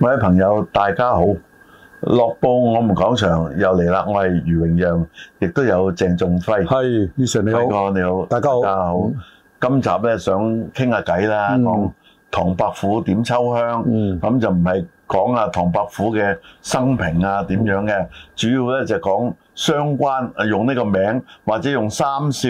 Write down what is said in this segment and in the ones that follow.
各位朋友，大家好！樂報我們講場又嚟啦，我係余榮讓，亦都有鄭仲輝，係，余 Sir 你好，大哥你好，大家好。今集咧想傾下偈啦，講唐伯虎點秋香，咁就唔係講啊唐伯虎嘅生平啊點樣嘅，主要咧就係講。相關用呢個名或者用三笑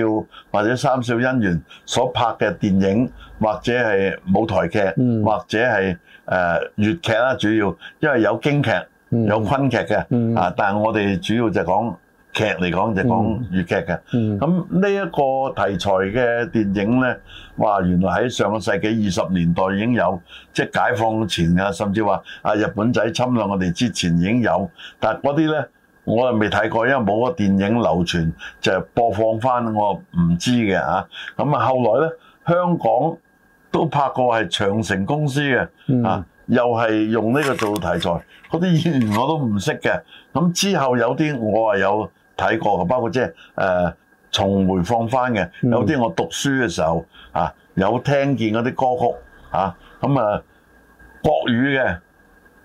或者三笑姻緣所拍嘅電影，或者係舞台劇，嗯、或者係誒粵劇啦，主要因為有京劇、嗯、有昆劇嘅、嗯、啊，但係我哋主要就講劇嚟講就講粵劇嘅。咁呢一個題材嘅電影呢，哇！原來喺上個世紀二十年代已經有，即係解放前啊，甚至話啊日本仔侵略我哋之前已經有，但係嗰啲呢。我又未睇過，因為冇個電影流傳就係、播放翻，我唔知嘅咁啊，後來咧，香港都拍過係長城公司嘅啊，又係用呢個做題材，嗰啲演員我都唔識嘅。咁、啊、之後有啲我係有睇過嘅，包括即係誒重回放翻嘅，有啲我讀書嘅時候啊有聽見嗰啲歌曲啊，咁啊國語嘅。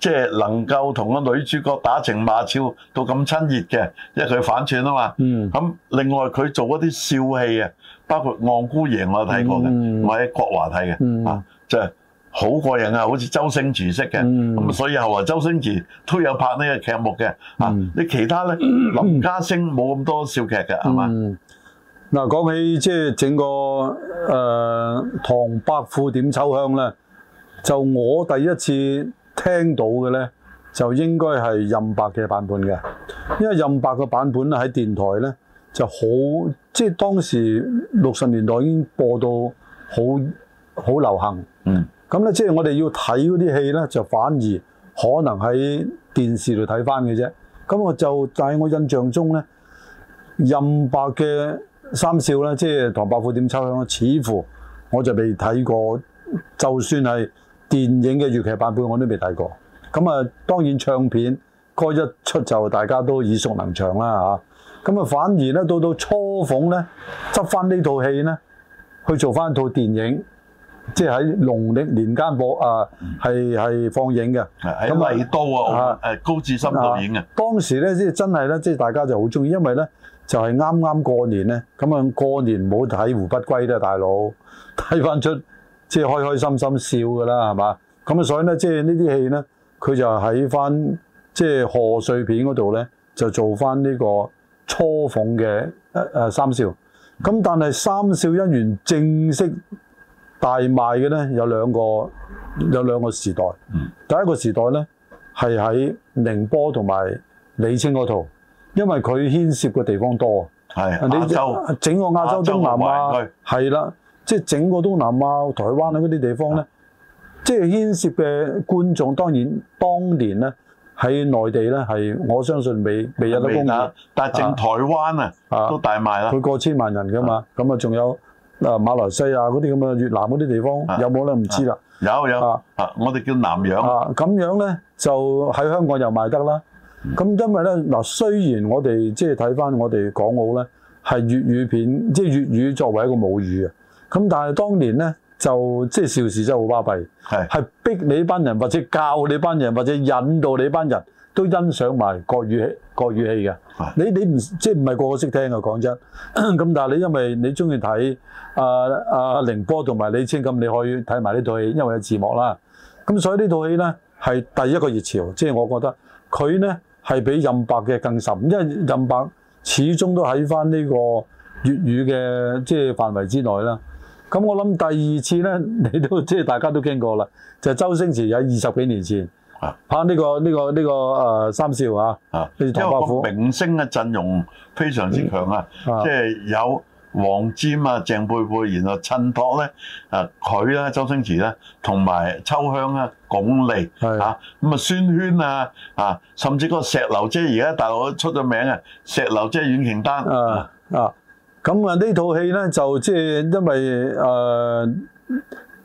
即係能夠同個女主角打情罵俏到咁親熱嘅，因為佢反串啊嘛。嗯。咁另外佢做一啲笑戲啊，包括《憨姑爺》我，我有睇過嘅，我喺國華睇嘅、嗯啊。就啊，即係好過癮啊！好似周星馳式嘅，咁、嗯、所以後來周星馳都有拍呢個劇目嘅。啊，你、嗯、其他咧，林家聲冇咁多笑劇嘅，係嘛、嗯？嗱吧、嗯，講起即係整個誒、呃《唐伯虎點秋香》咧，就我第一次。聽到嘅呢，就應該係任白嘅版本嘅，因為任白嘅版本喺電台呢就好，即係當時六十年代已經播到好好流行。嗯，咁呢即係我哋要睇嗰啲戲呢，就反而可能喺電視度睇翻嘅啫。咁我就但、就係、我印象中呢，任白嘅《三笑》呢，即係唐伯虎點秋香，似乎我就未睇過，就算係。電影嘅粵劇版本我都未睇過，咁啊當然唱片歌一出就大家都耳熟能詳啦，嚇，咁啊反而咧到到初逢咧執翻呢套戲咧去做翻套電影，即係喺農曆年間播啊係係放映嘅，咁的那啊多啊誒高志森導演嘅當時咧即係真係咧即係大家就好中意，因為咧就係啱啱過年咧，咁啊過年冇睇《胡不歸》咧，大佬睇翻出。即係開開心心笑嘅啦，係嘛？咁啊，所以咧，即係呢啲戲咧，佢就喺翻即係賀歲片嗰度咧，就做翻呢個初逢嘅誒三笑。咁、嗯、但係三笑姻緣正式大賣嘅咧，有兩個有兩個時代。嗯、第一個時代咧係喺寧波同埋李清嗰套，因為佢牽涉嘅地方多啊。係整個亞洲東南亞係啦。即係整個東南亞、台灣嗰啲地方咧，係啊、即係牽涉嘅觀眾，當然當年咧喺內地咧係，係我相信未未入到公眾。但係淨台灣啊，啊都大賣啦。佢過千萬人㗎嘛，咁啊仲有嗱馬來西亞嗰啲咁嘅越南嗰啲地方，啊、有冇咧唔知啦。有有啊，我哋叫南洋啊，咁、啊、樣咧就喺香港又賣得啦。咁、嗯、因為咧嗱，雖然我哋即係睇翻我哋港澳咧係粵語片，即係粵語作為一個母語啊。咁但係當年咧，就即係邵氏真係好巴閉，係是逼你班人，或者教你班人，或者引導你班人都欣賞埋國語戲、國語戲嘅是。你你唔即係唔係個個識聽嘅講真，咁 但係你因為你中意睇阿阿凌波同埋李清咁，你可以睇埋呢套戲，因為有字幕啦。咁所以呢套戲咧係第一個熱潮，即係我覺得佢咧係比任白嘅更甚，因為任白始終都喺翻呢個粵語嘅即係範圍之內啦。咁我諗第二次咧，你都即係大家都經過啦，就是、周星馳有二十幾年前拍呢、啊這個呢、這個呢、這個誒、呃、三笑啊，因為明星嘅陣容非常之強啊，即係、嗯啊、有黃霑啊、鄭佩佩，然後襯托咧啊佢啦、啊、周星馳啦、啊，同埋秋香啊、鞏俐啊，咁是啊孫軒啊啊，甚至個石榴姐而家大陸出咗名樓啊，石榴姐苑瓊丹啊啊。咁啊！呢套戲咧就即係因為誒，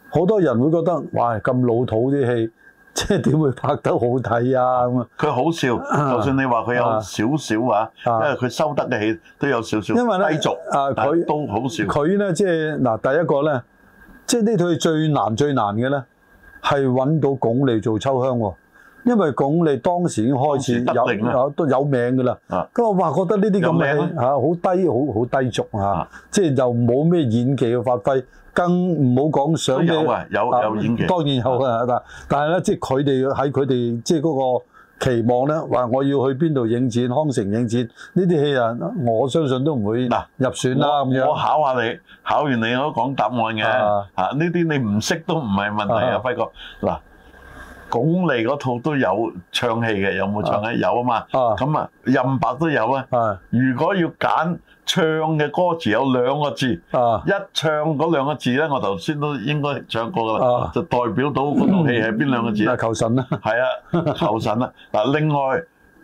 好、呃、多人會覺得哇，咁老土啲戲，即係點會拍得好睇啊咁啊！佢好笑，啊、就算你話佢有少少啊，因為佢收得嘅戲都有少少低俗，因為呢但佢都好笑。佢咧即係嗱，第一個咧，即係呢套戲最難、最難嘅咧，係揾到鞏俐做秋香喎。因為鞏俐當時已經開始有都有名㗎啦。咁我話覺得呢啲咁名好低，好好低俗，即係又冇咩演技嘅發揮，更唔好講想有有演技。當然有啊，但但係咧，即係佢哋喺佢哋即係嗰個期望咧，話我要去邊度影展？康城影展呢啲戲人，我相信都唔會嗱入選啦。咁樣我考下你，考完你我都講答案嘅。呢啲你唔識都唔係問題啊，輝哥嗱。鞏俐嗰套都有唱戲嘅，有冇唱嘅？有啊嘛，咁啊，任白都有啊。如果要揀唱嘅歌詞，有兩個字，一唱嗰兩個字咧，我頭先都應該唱過噶啦，就代表到嗰套戲係邊兩個字？求神啦，係啊，求神啦。嗱，另外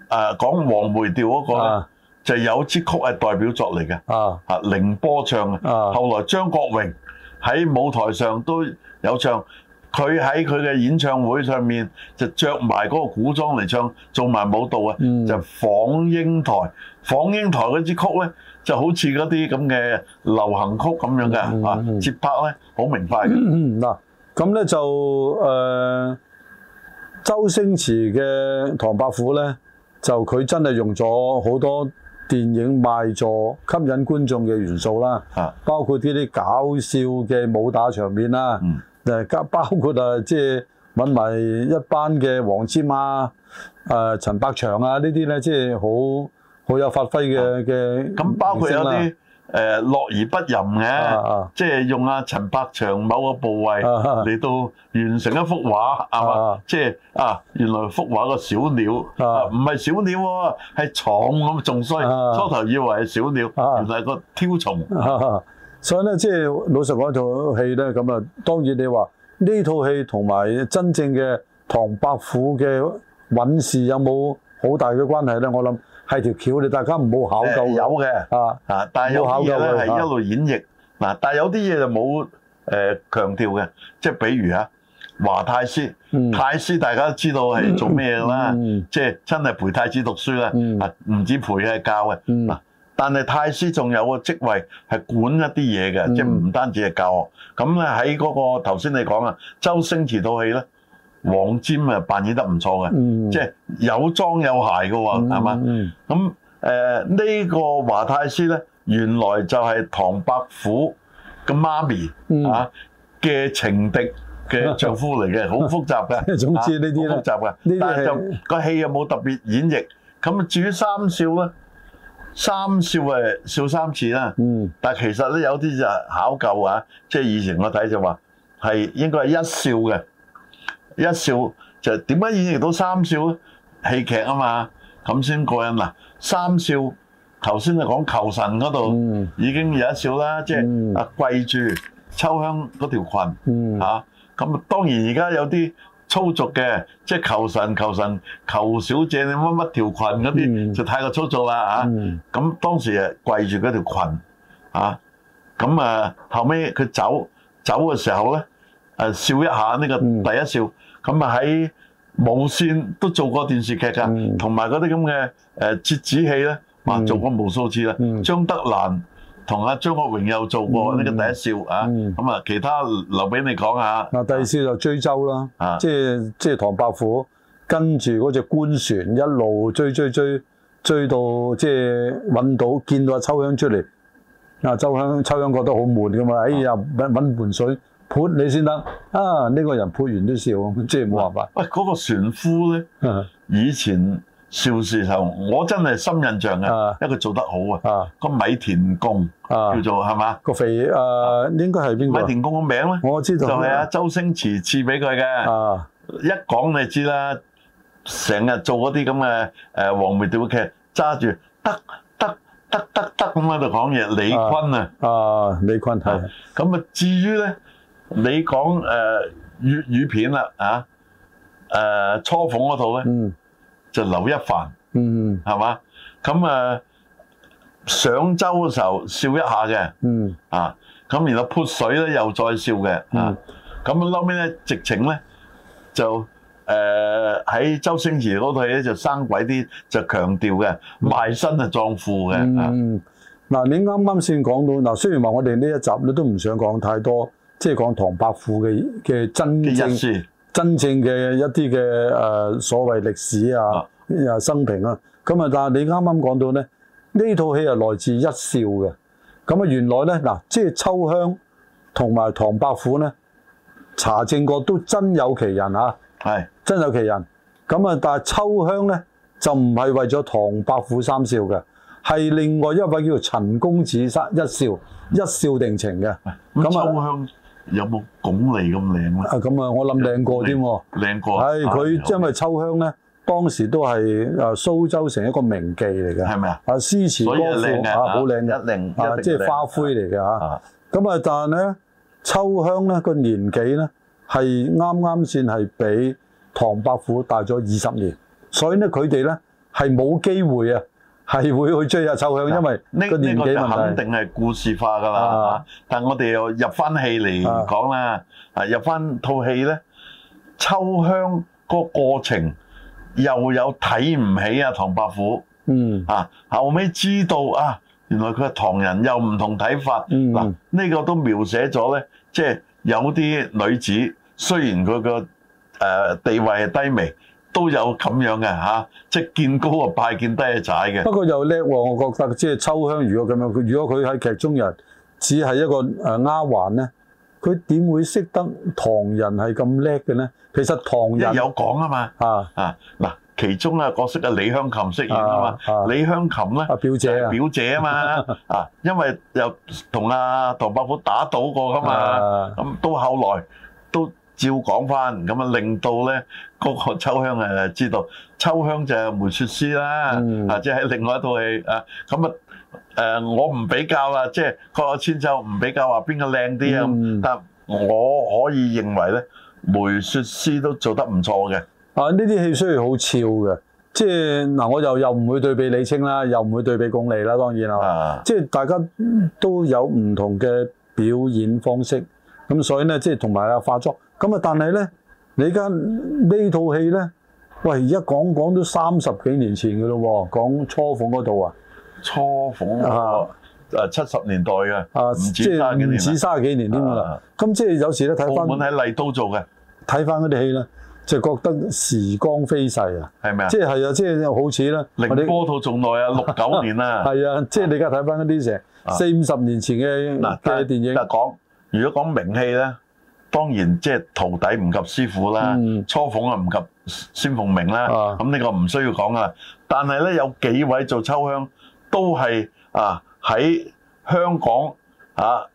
誒講黃梅調嗰個咧，就有支曲係代表作嚟嘅，啊，啊，凌波唱嘅，後來張國榮喺舞台上都有唱。佢喺佢嘅演唱會上面就着埋嗰個古裝嚟唱，做埋舞蹈啊，嗯、就仿《英台》。仿《英台》嗰支曲咧就好似嗰啲咁嘅流行曲咁樣嘅，啊、嗯嗯、節拍咧好明快。嗱咁咧就誒、呃，周星馳嘅《唐伯虎》呢咧就佢真係用咗好多電影賣座吸引觀眾嘅元素啦，啊、包括啲啲搞笑嘅武打場面啦。嗯包包括誒，即係揾埋一班嘅黃霑啊，誒、呃、陳百祥啊，呢啲咧，即係好好有發揮嘅嘅。咁、啊啊、包括有啲誒樂而不淫嘅，即係、啊啊、用阿陳百祥某個部位嚟到完成一幅畫，嘛、啊？即係、就是、啊，原來幅畫個小鳥，唔係、啊、小鳥喎、啊，係蟲咁仲衰。啊、初頭以為係小鳥，啊、原來係個挑蟲。啊啊所以咧，即係老實講套戲咧，咁啊，當然你話呢套戲同埋真正嘅唐伯虎嘅韻事有冇好大嘅關係咧？我諗係條橋，你大家唔好考究有嘅啊啊！吧但有考究嘅係一路演繹嗱，吧但有啲嘢就冇誒強調嘅吧，即係比如啊，華太師太、嗯、師大家都知道係做咩啦？即係、嗯嗯、真係陪太子讀書啦，唔、嗯、止陪係教嘅嗱。嗯嗯但係太師仲有個職位係管一啲嘢嘅，即係唔單止係教學。咁咧喺嗰個頭先你講啊，周星馳套戲咧，黃霑啊扮演得唔錯嘅，即係、嗯、有裝有鞋嘅喎，係嘛、嗯？咁誒呢個華太師咧，原來就係唐伯虎嘅媽咪、嗯、啊嘅情敵嘅丈夫嚟嘅，好複雜嘅，總之呢啲好、啊、複雜嘅。是但係就、個戲又冇特別演繹。咁至於三少咧？三笑誒笑三次啦，嗯、但其實咧有啲就考究啊，即、就、係、是、以前我睇就話係應該係一笑嘅，一笑就點解演繹到三笑咧？戲劇啊嘛，咁先過癮啦。三笑頭先就講求神嗰度、嗯、已經有一笑啦，即係啊跪住秋香嗰條裙嚇，咁、嗯嗯啊、當然而家有啲。粗俗嘅，即係求神求神求小姐，你乜乜條裙嗰啲就太過粗俗啦嚇。咁當時誒跪住嗰條裙啊，咁啊後尾佢走走嘅時候咧誒笑一下呢個第一笑，咁啊喺無線都做過電視劇㗎，同埋嗰啲咁嘅誒折子戲咧，嗱做過無數次啦，張德蘭。同阿張國榮又做過呢個第一笑啊，咁啊、嗯嗯、其他留俾你講下。嗱，第二笑就追舟啦，啊，即係即係唐伯虎跟住嗰隻官船一路追追追追到即係揾到見到阿秋香出嚟。嗱，秋香秋香覺得好悶㗎嘛，啊、哎呀揾揾盆水潑你先得，啊呢、呢個人潑完都笑，即係冇辦法。喂、啊，嗰、嗰個船夫咧？啊、以前。少時候，我真係深印象嘅，一、啊、為做得好啊。個米田共、啊、叫做係嘛？個肥誒，呃、應該係邊個？米田共個名咧，我知道，就係阿周星馳賜俾佢嘅。啊、一講你就知啦，成日做嗰啲咁嘅誒黃梅調劇，揸住得得得得得咁喺度講嘢，李坤啊，啊李坤係。咁啊至於咧，你講誒粵語片啦，啊誒、呃、初逢嗰套咧。嗯就留一份，嗯，係嘛？咁誒上週嘅時候笑一下嘅，嗯啊，咁然後潑水咧又再笑嘅，嗯、啊，咁後尾咧直情咧就誒喺、呃、周星馳嗰套戲咧就生鬼啲，就強調嘅賣身係葬父嘅，嗯，嗱、啊啊、你啱啱先講到嗱，雖然話我哋呢一集咧都唔想講太多，即係講唐伯虎嘅嘅真正。真正嘅一啲嘅誒所謂歷史啊，啊，啊，生平啊，咁啊，但係你啱啱講到呢，呢套戲係來自一笑嘅，咁、嗯、啊原來呢，嗱、啊，即係秋香同埋唐伯虎呢，查證過都真有其人啊，係是真有其人，咁、嗯、啊但係秋香呢，就唔係為咗唐伯虎三笑嘅，係另外一位叫陳陳公子三一笑一笑定情嘅，咁啊。有冇鞏俐咁靚咧？啊，咁啊，我諗靚過添喎。靚過，係佢因為秋香咧，當時都係啊蘇州城一個名妓嚟嘅，係咪啊？啊詩詞歌賦啊，好靚嘅，一靚啊，即係花魁嚟嘅嚇。咁啊，但係咧秋香咧，個年紀咧係啱啱先係比唐伯虎大咗二十年，所以咧佢哋咧係冇機會啊。係會去追啊，秋香，因為呢個年紀個肯定係故事化㗎啦。啊、但係我哋又入翻戲嚟講啦，啊，入翻套戲咧，秋香個過程又有睇唔起啊，唐伯虎，嗯，啊，後尾知道啊，原來佢係唐人又唔同睇法，嗱、嗯，啊，呢個都描寫咗咧，即係有啲女子雖然佢個誒地位係低微。都有咁樣嘅嚇，即係見高啊拜，見低啊踩嘅。不過又叻喎，我覺得即係秋香如咁樣。如果佢喺劇中人只係一個誒丫鬟咧，佢點會識得唐人係咁叻嘅咧？其實唐人一有講啊嘛啊啊嗱，其中啊角色啊李香琴飾演啊嘛，李香琴咧係表姐啊嘛啊，因為又同阿唐伯虎打賭過噶嘛，咁到後來。照講翻咁啊，令到咧嗰、那個秋香係知道秋香就係梅雪詩啦，或者係另外一套戲啊咁啊誒，我唔比較啦，即係各有千秋唔比較話邊個靚啲啊，嗯、但我可以認為咧梅雪詩都做得唔錯嘅啊！呢啲戲雖然好俏嘅，即係嗱、啊，我又又唔會對比李清啦，又唔會對比鞏俐啦，當然啦，啊、即係大家都有唔同嘅表演方式咁，所以咧即係同埋啊化妝。咁啊！但係咧，你而家呢套戲咧，喂，而家講講都三十幾年前噶咯喎，講雛鳳嗰套啊，雛鳳啊，誒七十年代嘅，唔止卅幾年啦。咁即係有時咧睇翻，澳門喺麗都做嘅，睇翻嗰啲戲啦，就覺得時光飛逝啊，係咪啊？即係係啊，即係好似啦，零波套仲耐啊，六九年啊，係啊，即係你而家睇翻嗰啲成四五十年前嘅嘅電影。嗱講，如果講名氣咧。當然即係徒弟唔及師傅啦，嗯、雛鳳鳴唔及仙鳳鳴啦，咁呢、啊、個唔需要講啊。但係咧，有幾位做秋香都係啊喺香港啊，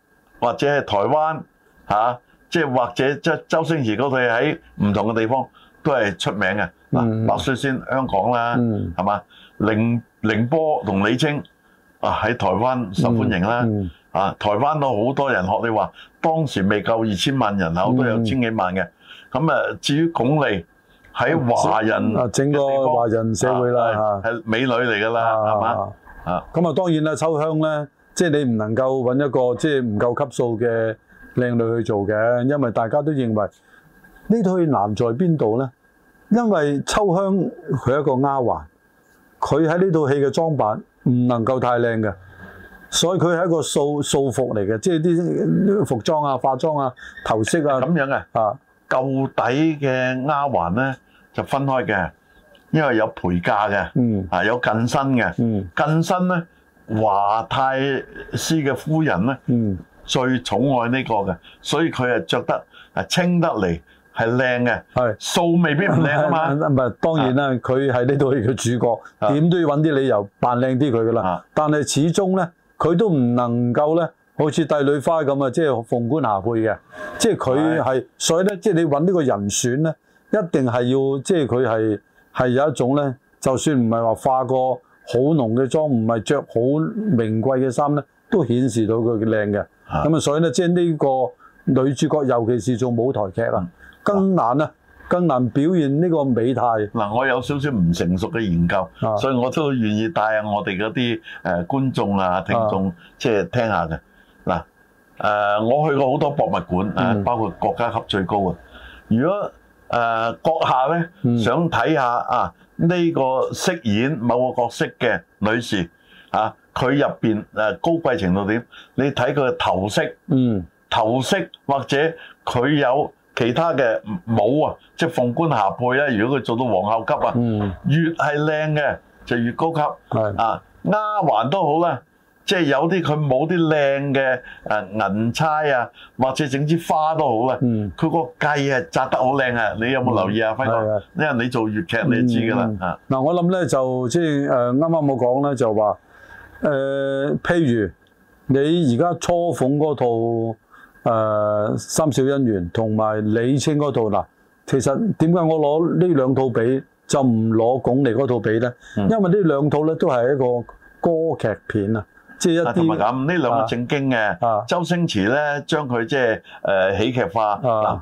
或者係台灣啊，即係或者即周星馳嗰套喺唔同嘅地方都係出名嘅。嗱、嗯，啊、白雪仙香港啦，係嘛、嗯？凌波同李清啊喺台灣受歡迎啦，嗯嗯、啊台灣都好多人學你話。當時未夠二千萬人口都有千幾萬嘅，咁啊至於鞏俐喺華人整個華人社會啦嚇，係美女嚟㗎啦，係嘛啊？咁啊當然啦，秋香咧，即係你唔能夠揾一個即係唔夠級數嘅靚女去做嘅，因為大家都認為呢套戲難在邊度咧？因為秋香佢係一個丫鬟，佢喺呢套戲嘅裝扮唔能夠太靚嘅。所以佢係一個素素服嚟嘅，即係啲服裝啊、化妝啊、頭飾啊咁樣嘅。啊，啊是舊底嘅丫鬟咧就分開嘅，因為有陪嫁嘅，嗯、啊有近身嘅，嗯、近身咧華太師嘅夫人咧、嗯、最寵愛呢個嘅，所以佢係着得清得嚟，係靚嘅。係素未必唔靚啊嘛。唔係，當然啦，佢喺呢度係個主角，點、啊、都要搵啲理由扮靚啲佢噶啦。啊、但係始終咧。佢都唔能夠咧，好似帝女花咁啊，即係奉冠霞帔鳳冠霞帔嘅，即係佢係，的所以咧，即係你搵呢個人選咧，一定係要，即係佢係係有一種咧，就算唔係話化個好濃嘅妝，唔係着好名貴嘅衫咧，都顯示到佢靚嘅。咁啊的，所以咧，即係呢個女主角，尤其是做舞台劇啊，的更難啦。更難表現呢個美態。嗱、啊，我有少少唔成熟嘅研究，啊、所以我都願意帶下我哋嗰啲誒觀眾啊、聽眾，即係、啊、聽下嘅。嗱、啊呃，我去過好多博物館、啊、包括國家級最高嘅。嗯、如果誒閣、呃、下呢，想睇下、嗯、啊，呢、呢個飾演某個角色嘅女士啊，佢入邊誒、啊、高貴程度點？你睇佢頭飾，嗯，頭飾或者佢有，其他嘅帽啊，即係鳳冠霞帔啊。如果佢做到皇后級啊，嗯、越係靚嘅就越高級，是啊，丫鬟都好啦，即係有啲佢冇啲靚嘅誒銀釵啊，或者整支花都好啦。佢、嗯、個髻啊紮得好靚啊，你有冇留意啊，輝哥、嗯？因為你做粵劇你，你知㗎啦。嗱的、嗯，我諗咧就即係誒啱啱我講咧就話、是、誒、呃呃，譬如你而家初鳳嗰套。誒、呃、三少姻緣同埋李青嗰套啦。其實點解我攞呢兩套比就唔攞鞏俐嗰套比咧？因為呢兩套咧都係一個歌劇片、即係、啊，即係一啲同咁，呢兩個正經嘅。啊、周星馳咧將佢即係誒喜劇化，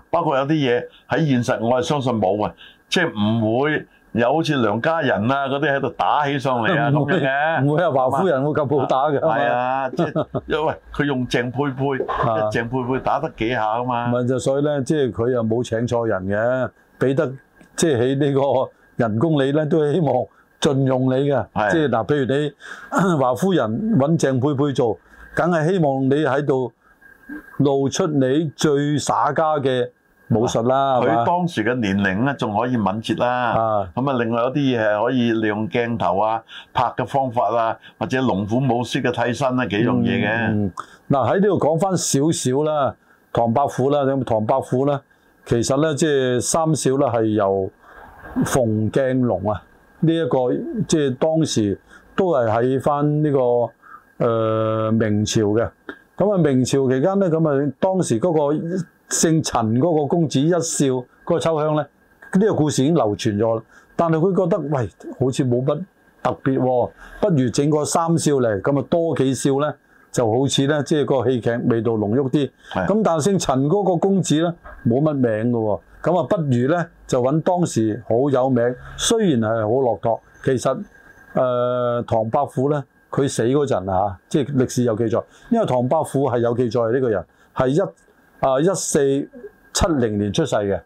包括有啲嘢喺現實我係相信冇嘅，即係唔會。有好似梁家仁啊嗰啲喺度打起上嚟啊咁嘅，唔 是會啊，華夫人會咁好打嘅。係啊，即係因為佢用鄭佩佩啊，鄭 佩佩打得幾下嘛啊嘛。唔係就所以咧，即係佢又冇請錯人嘅，俾得即係喺呢個人工你咧，都係希望盡用你嘅。啊、即係嗱、呃，譬如你華夫人揾鄭佩佩做，梗係希望你喺度露出你最耍家嘅。武術啦，佢當時嘅年齡咧，仲可以敏捷啦。啊，咁啊，另外有啲嘢係可以利用鏡頭啊拍嘅方法啊，或者龍虎武師嘅替身咧，幾容易嘅。嗯，嗱喺呢度講翻少少啦，唐伯虎啦，咁唐伯虎咧？其實咧，即係三少咧係由馮鏡龍啊，呢一個即係當時都係喺翻呢個誒明朝嘅。咁啊，明朝期間咧，咁啊當時嗰個。姓陳嗰個公子一笑，嗰個秋香咧，呢個故事已經流傳咗啦。但係佢覺得，喂，好似冇乜特別喎，不如整個三笑嚟，咁啊多幾笑咧，就好似咧，即係個戲劇味道濃郁啲。咁但係姓陳嗰個公子咧，冇乜名㗎喎，咁啊不如咧，就揾當時好有名，雖然係好落拓，其實誒唐伯虎咧，佢死嗰陣啊，即係歷史有記載，因為唐伯虎係有記載呢個人係一。啊，一四七零年出世嘅，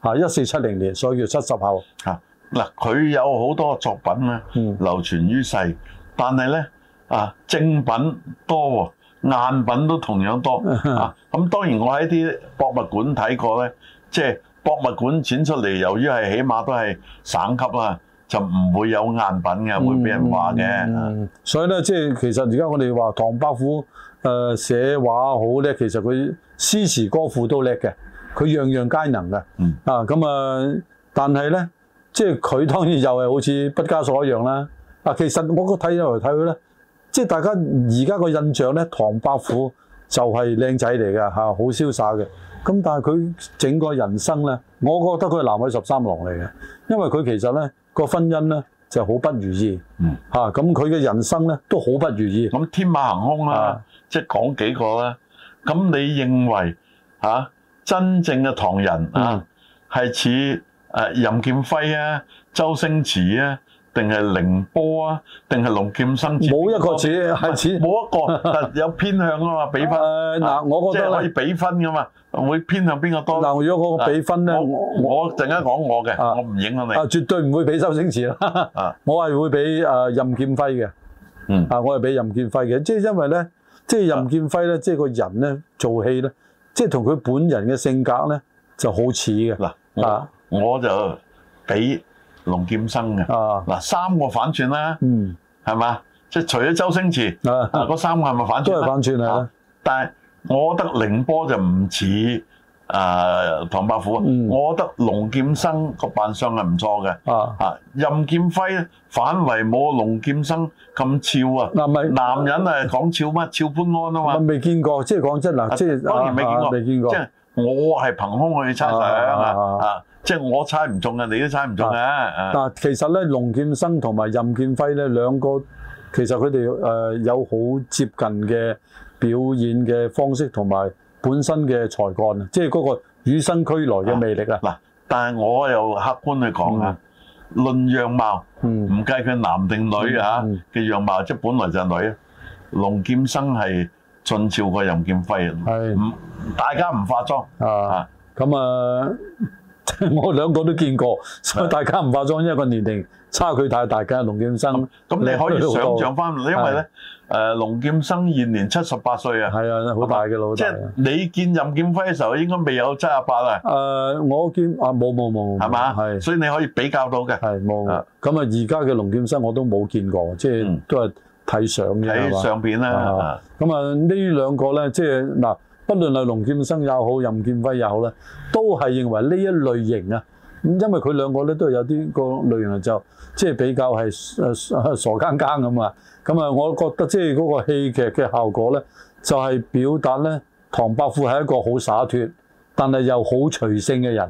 啊，一四七零年，所以叫七十後。啊，嗱，佢有好多作品咧，流傳於世，嗯、但係咧，啊，精品多、哦，贗品都同樣多。咁、嗯啊、當然我喺啲博物館睇過咧，即、就、係、是、博物館展出嚟，由於係起碼都係省級啦，就唔會有贗品嘅，會俾人話嘅、嗯嗯。所以咧，即係其實而家我哋話唐伯虎。誒，寫畫好叻，其實佢詩詞歌賦都叻嘅，佢樣樣皆能嘅。啊、嗯，咁啊，但係呢，即係佢當然又係好似畢加索一樣啦。啊，其實我睇嚟睇去呢，即係大家而家個印象呢，唐伯虎就係靚仔嚟嘅，吓好瀟灑嘅。咁、啊、但係佢整個人生呢，我覺得佢係南海十三郎嚟嘅，因為佢其實呢個婚姻呢就好不如意，吓咁佢嘅人生呢，都好不如意。咁、嗯啊、天馬行空啦、啊。即係講幾個啦，咁你認為嚇真正嘅唐人啊係似誒任劍輝啊、周星馳啊，定係凌波啊，定係龍劍生？冇一個似係似冇一個，有偏向啊嘛！比分嗱，我覺得即係可以比分噶嘛，會偏向邊個多？嗱，如果個比分咧，我我陣間講我嘅，我唔影響你。啊，絕對唔會比周星馳啦。啊，我係會比誒任劍輝嘅。嗯，啊，我係比任劍輝嘅，即係因為咧。即係任劍輝咧，即、就、係、是、個人咧做戲咧，即係同佢本人嘅性格咧就好似嘅。嗱我啊，我就俾龍劍生嘅。啊嗱，三個反串啦、啊，嗯，係嘛？即係除咗周星馳啊，嗰、啊、三個係咪反串？啊？都係反串啦、啊啊。但係我覺得凌波就唔似。啊，唐伯虎啊，我覺得龍劍生個扮相係唔錯嘅啊，啊任劍輝咧反為冇龍劍生咁俏啊，嗱係男人啊講俏乜俏潘安啊嘛，未見過即係講真嗱，即係當然未見過未見過，即係我係憑空去猜想啊啊，即係我猜唔中啊，你都猜唔中啊，嗱其實咧龍劍生同埋任劍輝咧兩個其實佢哋誒有好接近嘅表演嘅方式同埋。本身嘅才幹，即係嗰個與生俱來嘅魅力啊！嗱、啊，但係我又客觀去講啊，嗯、論樣貌，唔、嗯、計佢男定女啊嘅、嗯嗯啊、樣貌，即係本來就係女，龍劍生係俊俏過任劍輝，係唔是大家唔化妝啊！咁啊～啊我兩個都見過，所以大家唔化妝，因為一個年齡差距太大嘅龍劍生。咁你可以想像翻，因為咧誒龍劍生現年七十八歲啊，係啊，好大嘅老。即係你見任劍輝嘅時候應該未有七十八啊。誒我見啊冇冇冇，係嘛？係。所以你可以比較到嘅。係冇。咁啊，而家嘅龍劍生我都冇見過，即係都係睇相嘅睇相片上邊啦。咁啊呢兩個咧，即係嗱。不論係龍劍生又好，任劍輝又好咧，都係認為呢一類型啊。咁因為佢兩個咧都係有啲個類型就即係比較係誒傻更更咁啊。咁啊，我覺得即係嗰個戲劇嘅效果咧，就係表達咧，唐伯虎係一個好灑脱，但係又好隨性嘅人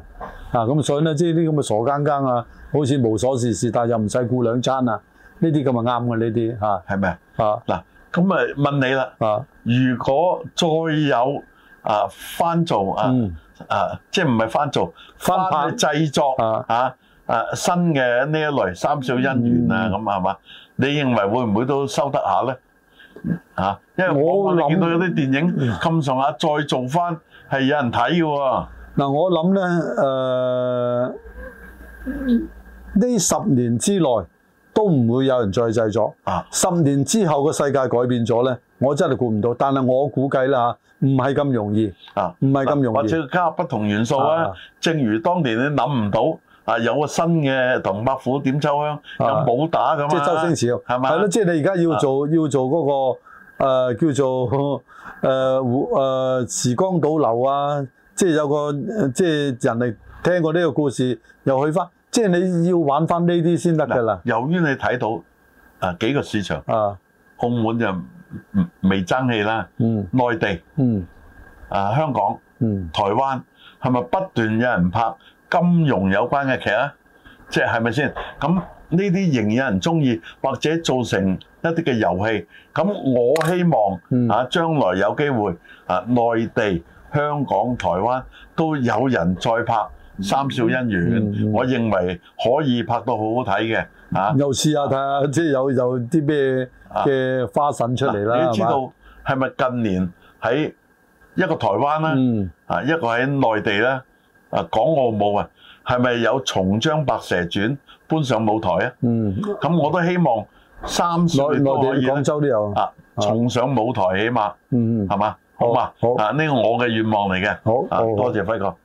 啊。咁所以咧，即係啲咁嘅傻更更啊，好似無所事事，但係又唔使顧兩餐啊。呢啲咁啊啱嘅呢啲嚇係咪啊？嗱，咁啊問你啦啊，如果再有？啊，翻做啊、嗯、啊，即係唔係翻做翻製作啊啊，新嘅呢一類三笑姻緣啊，咁係嘛？你認為會唔會都收得下咧、啊？因為我，我想見到有啲電影咁上下再做翻係有人睇嘅喎。嗱，我諗咧誒，呢十年之內，都唔會有人再製作啊！十年之後個世界改變咗咧，我真係估唔到。但係我估計啦，唔係咁容易啊，唔係咁容易、啊。或者加入不同元素啊，正如當年你諗唔到啊，有個新嘅唐伯虎點秋香，啊、有武打咁。即係周星馳，係咪？係咯，即係你而家要做要做嗰個誒叫做誒誒時光倒流啊！即係有個即係人哋聽過呢個故事，又去翻。即係你要玩翻呢啲先得㗎喇。由於你睇到啊幾個市場，啊，澳門就未爭氣啦。嗯，內地，嗯，啊香港，嗯，台灣係咪不斷有人拍金融有關嘅劇啊？即係係咪先？咁呢啲仍然有人中意，或者做成一啲嘅遊戲。咁我希望啊，將來有機會啊，內地、香港、台灣都有人再拍。三笑姻緣，我認為可以拍到好好睇嘅嚇。又試下睇下，即係有有啲咩嘅花神出嚟啦。你知道係咪近年喺一個台灣啦，啊一個喺內地咧，啊港澳冇啊，係咪有《重章白蛇傳》搬上舞台啊？咁我都希望三笑都可以啊，廣州都有，重上舞台起碼，嗯，係嘛，好嘛，啊呢個我嘅願望嚟嘅。好，多謝輝哥。